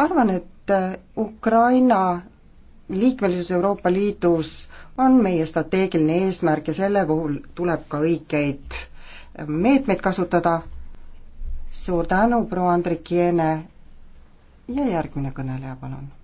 arvan, et äh, Ukraina liikmelisus Euroopa Liidus on meie strateegiline eesmärk ja selle puhul tuleb ka õigeid äh, meetmeid kasutada. suur tänu, proua Andrik Jeene ja järgmine kõneleja, palun